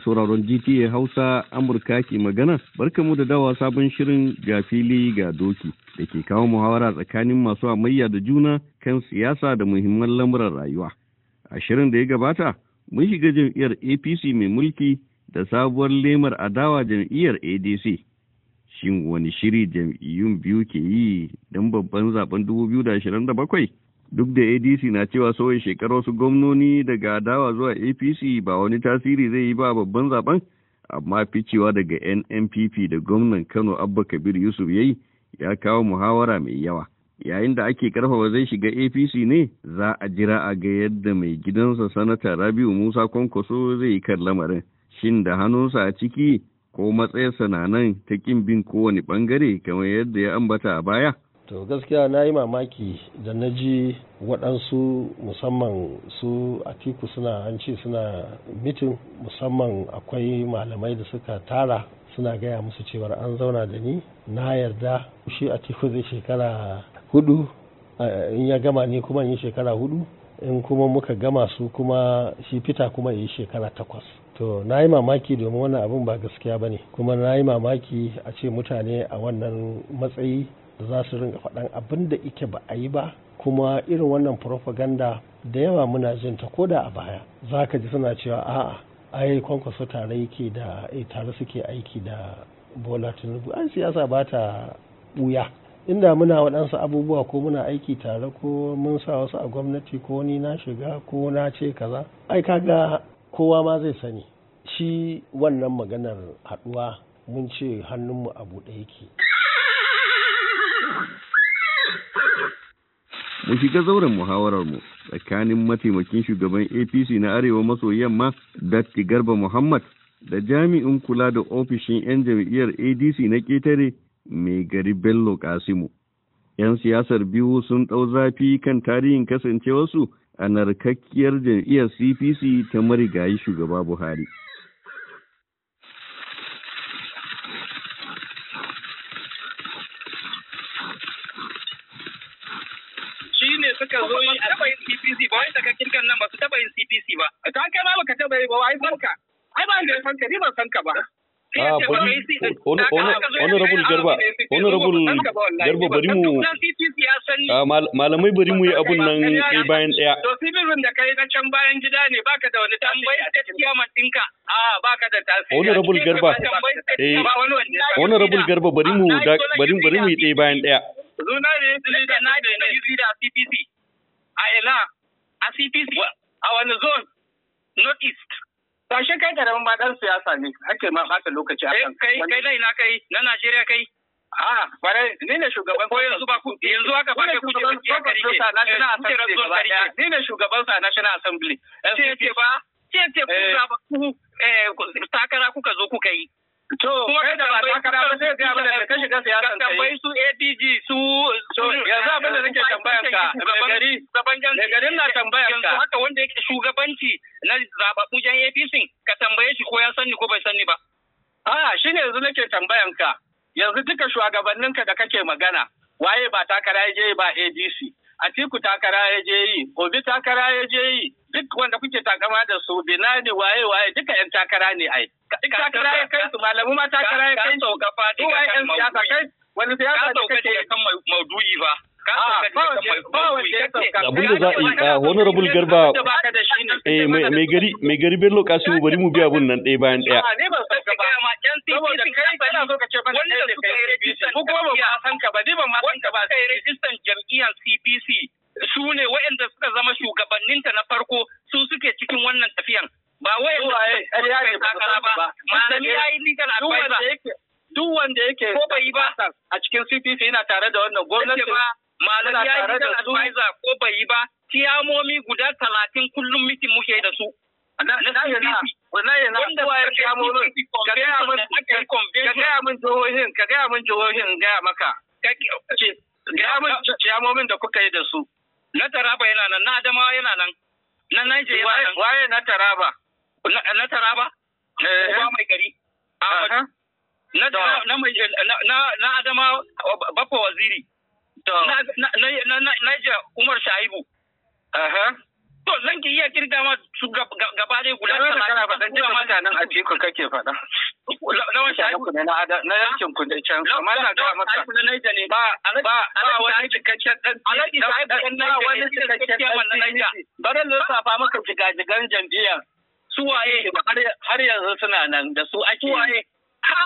sauraron GTA Hausa Amurka ke magana mu da dawa sabon shirin ga fili ga doki da ke kawo muhawara tsakanin masu amayya da juna kan siyasa da muhimman lamuran rayuwa. A shirin da ya gabata mun shiga jam'iyyar APC mai mulki da sabuwar lemar adawa jam'iyyar ADC. Shin wani shiri jam'iyyun biyu ke yi don babban zaben 2027? duk da adc na cewa sauyin shekarar wasu gwamnoni daga adawa zuwa apc ba wani tasiri zai yi ba babban zaben amma ficewa daga nnpp da gwamnan kano abba kabir yusuf yayi ya kawo muhawara mai yawa yayin da ake karfafa zai shiga apc ne za a jira a ga yadda mai gidansa sanata rabiu musa kwankwaso zai yi kan lamarin shin da hannunsa a ciki ko matsayarsa na nan ta kin bin kowane bangare kamar yadda ya ambata a baya to gaskiya na yi mamaki da na ji waɗansu musamman su atiku suna an ce suna mitin musamman akwai malamai da suka tara suna gaya musu cewar an zauna da ni na yarda shi atiku zai shekara hudu in ya gama ni kuma yi shekara hudu in kuma muka gama su kuma shi fita kuma yi shekara takwas to na yi mamaki domin wannan abin ba gaskiya ba ne kuma na yi mamaki a ce mutane a wannan matsayi za su ringa faɗan abin da ike ba a yi ba kuma irin wannan propaganda da yawa muna jin ta koda a baya za ka ji suna cewa a'a ai kwankwaso tare yake da eh, tare suke aiki da bola tinubu an siyasa ba ta buya inda muna waɗansu abubuwa ko muna aiki tare ko mun sa wasu a gwamnati ko ni na shiga ko na ce kaza ai kaga kowa ma zai sani shi wannan maganar haɗuwa mun ce hannunmu a buɗe yake mu shiga zauren muhawararmu tsakanin mataimakin shugaban apc na arewa maso yamma datti garba muhammad da jami'in kula da ofishin 'yan jam'iyyar adc na ƙetare mai gari bello kasimu 'yan siyasar biyu sun ɗau zafi kan tarihin kasancewarsu a narkakkiyar jam'iyyar cpc ta marigayi shugaba buhari zo a taba yin CPC ba wai da san ah, garba bari mu ah, malamai bari mu yi abun nan bayan ɗaya to sibirin da kai na can bayan gida ne baka da wani tambayi a gaskiya matinka a ah, baka da tasiri honorable garba eh, honorable garba bari mu bari mu yi ɗaya bayan ɗaya zuna ne na da CPC a ina a cpc a wani zone north east Tashe kai karamin ba dan siyasa ne, ake ma haka lokaci akan. Eh, kai kai dai na kai, na Najeriya kai. A, bare ni ne shugaban ko yanzu ba ku yanzu haka ba kai kuje ba kiyar kari ke. National eh, Assembly gaba daya. Ni ne shugaban sa National Assembly. Sai ce ba, sai ce ku eh. ba ku eh takara kuka zo kuka yi. To, kai da ba takara ba zai gaya abin da ka shiga siyasan kai. Tambayi su ADG su yanzu abin da nake tambayan ka gari da garin na tambayan ka. haka wanda yake shugabanci na zababbu jan APC ka tambaye shi ko ya sani ko bai sani ba. A shi ne yanzu nake tambayan ka. Yanzu duka shugabanninka da kake magana waye ba takara ya je ba ADC. Atiku takara ya je yi, Obi takara ya je yi, duk wanda kuke takama da su binani waye waye duka yan takara ne ai. Takara ya kai su malamu ma takara ya kai su. Ka yan siyasa kai wani siyasa da kake kan maudu'i ah, ba. abin da za a yi a honorable garba eh, mai gari bello kasimu bari mu biya abun nan ɗaya bayan ɗaya. Ah, saboda kai kana ka ce ba wanda suka yi rajistan ka ba ba ma jam'iyyar CPC su ne suka zama shugabanninta na farko suke cikin wannan tafiyan ba waɗanda suka yi takara ba malami ya yi legal advisor yake ko bai ba a cikin CPC yana tare da wannan gwamnati malami ya yi legal advisor ko bai yi ba tiyamomi guda talatin kullum mitin muke da su na CPC wanda ya na jihohin ka gaya min jihohin in gaya maka gaya min ciyamomin da kuka yi da su na taraba yana nan na adamawa yana nan na Niger yana nan waye na taraba na taraba eh. ba mai gari na na mai na na adamawa bappa waziri na na naija Umar Shaibu To zan ki iya kirga ma su gaba dai guda talatin. Kana mutanen a cikin kake fada lawan shayi ku ne na yankin ku can amma ina ga maka na Niger ne ba ba ba wani cikakken dan alaji sai dan na wani cikakken dan Niger bare lissafa maka jigajigan jam'iyyar su waye har yanzu suna nan da su ake waye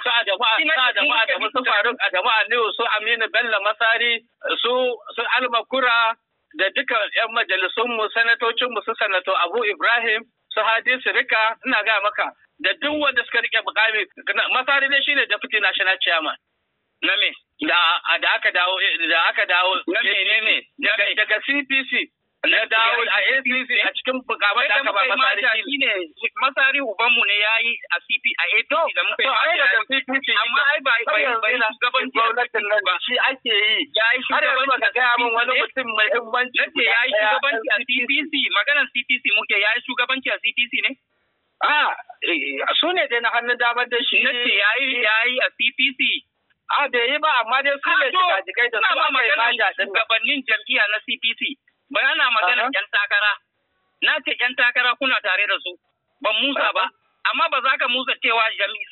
su Adamu a Adamu Adamu su Faruk Adamu Aliyu su Aminu Bello Masari su su Alma Kura da duka yan majalisunmu sanatocinmu su sanato Abu Ibrahim su Hadi Sirika ina ga maka da duk wanda suka rike mukami masari ne shine deputy national chairman na me da da aka dawo eh, da aka dawo ne ne daga CPC na dawo a APC a cikin bukamai da aka ba masari shine masari uban mu ne yayi a CP a APC da muka yi daga CPC amma ai ba ba ba gaban gwamnatin nan ba shi ake yi yayi wani ka ga mun wani mutum mai himmanci yace yayi shugabanci a CPC maganar CPC muke yayi shugabanci a CPC ne a eh, su ne dai na hannun damar da shi na ce yayi yayi a PPC a bai yi ba amma dai su ne jikai da su ba yi maja din gabanin jam'iyya na CPC ba yana magana yan takara na ce yan takara kuna tare da su ban musa ba amma ba za ka musa cewa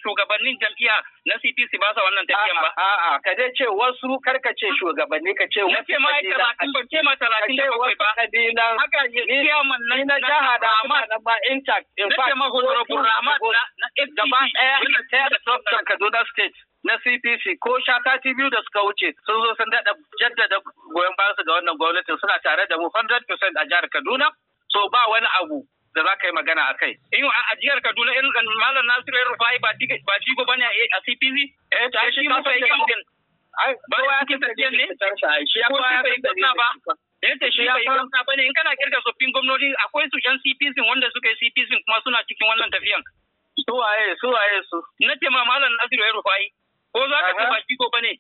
shugabannin jam'iyya na CPC ba sa wannan tafiyan ba. A'a, ka je ce wasu kar ka ce shugabanni ka ce wasu ce na ba ce ma talatin da bakwai ba. Haka ne chairman na na jaha da amma na ba intact. Na ce ma honorable amma na FDC. Gaba ɗaya ta da Southern Kaduna State. na CPC ko sati biyu da suka wuce sun zo sun daɗa jaddada goyon bayansu ga wannan gwamnatin suna tare da mu 100% a jihar Kaduna so ba wani abu da za ka yi magana a kai. In a jihar Kaduna in Malam Nasiru ya rufa ba jigo ba ne a CPC? Eh, ta shi ma sai yankin. Ba ya kin tafiyan ne? Shi ya fara kin tafiyan ba. Da yadda shi ya fara ba ne in kana kirga tsoffin gwamnati akwai su yan CPC wanda suka yi CPC kuma suna cikin wannan tafiyan. Su waye su waye su. Na ce ma Malam Nasiru ya rufa Ko za ka ce ba jigo ba ne?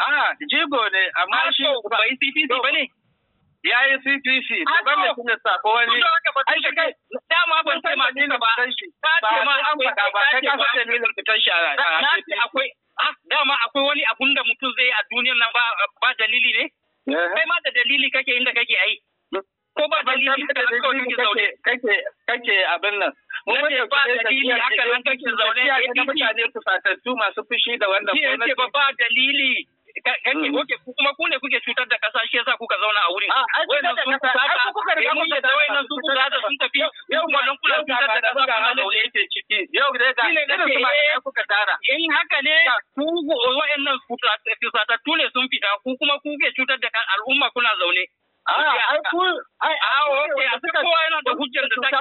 Ah, jigo ne amma shi ba yi CPC ba ne? Ya yi CPC, ba ne kuma sa ko wani. taba ai dama ban sai ma ni ba ba ce ma akwai ba kai ka san dalilin fitan shi na ce akwai dama akwai wani abun da mutum zai a duniyar nan ba ba dalili ne eh. kai ma da dalili kake inda kake ai ko ba dalili da kake zaune kake kake abin nan mun ce ba dalili haka nan kake zaune idan mutane fusatattu masu fushi da wanda gwamnati ba ba dalili kake mm. kuma ku ne kuke cutar da kasa shi yasa kuka zauna a wurin ah, wannan sun sata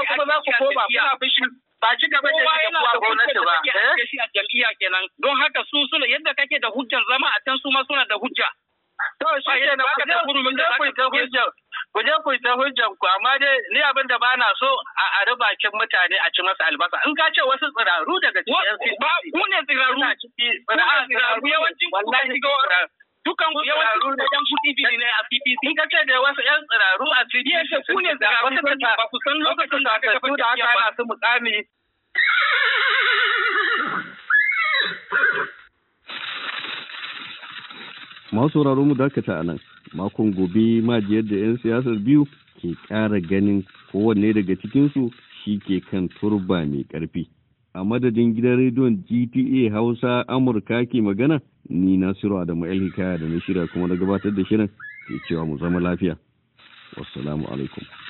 kuma za ku koma kuna fushi ba ci gaba da rike kuwa gwamnati ba eh shi a jam'iyya kenan don haka su suna yadda kake da hujjar zama a can su ma suna da hujja to shi kenan ku je ku je ku hujja ku je ku ta hujjan ku amma dai ni abin da bana so a ari bakin mutane a ci masa albasa in ka ce wasu tsiraru daga cikin ba ku ne tsiraru ku ne tsiraru yawancin ku ka shiga dukan ku yawanci kuɗi biyu ne a PDP in ka ce da wasu yan tsiraru a PDP ku ne da wata ta ba ku san lokacin da aka su da aka mukami masu sauraro mu dakata a nan makon gobe majiyar da 'yan siyasar biyu ke ƙara ganin kowanne daga cikinsu shi ke kan turba mai ƙarfi a madadin gidan rediyon gta hausa amurka ke magana ni nasiru adamu hikaya da na shirya kuma da gabatar da shirin ke cewa mu zama lafiya wassalamu alaikum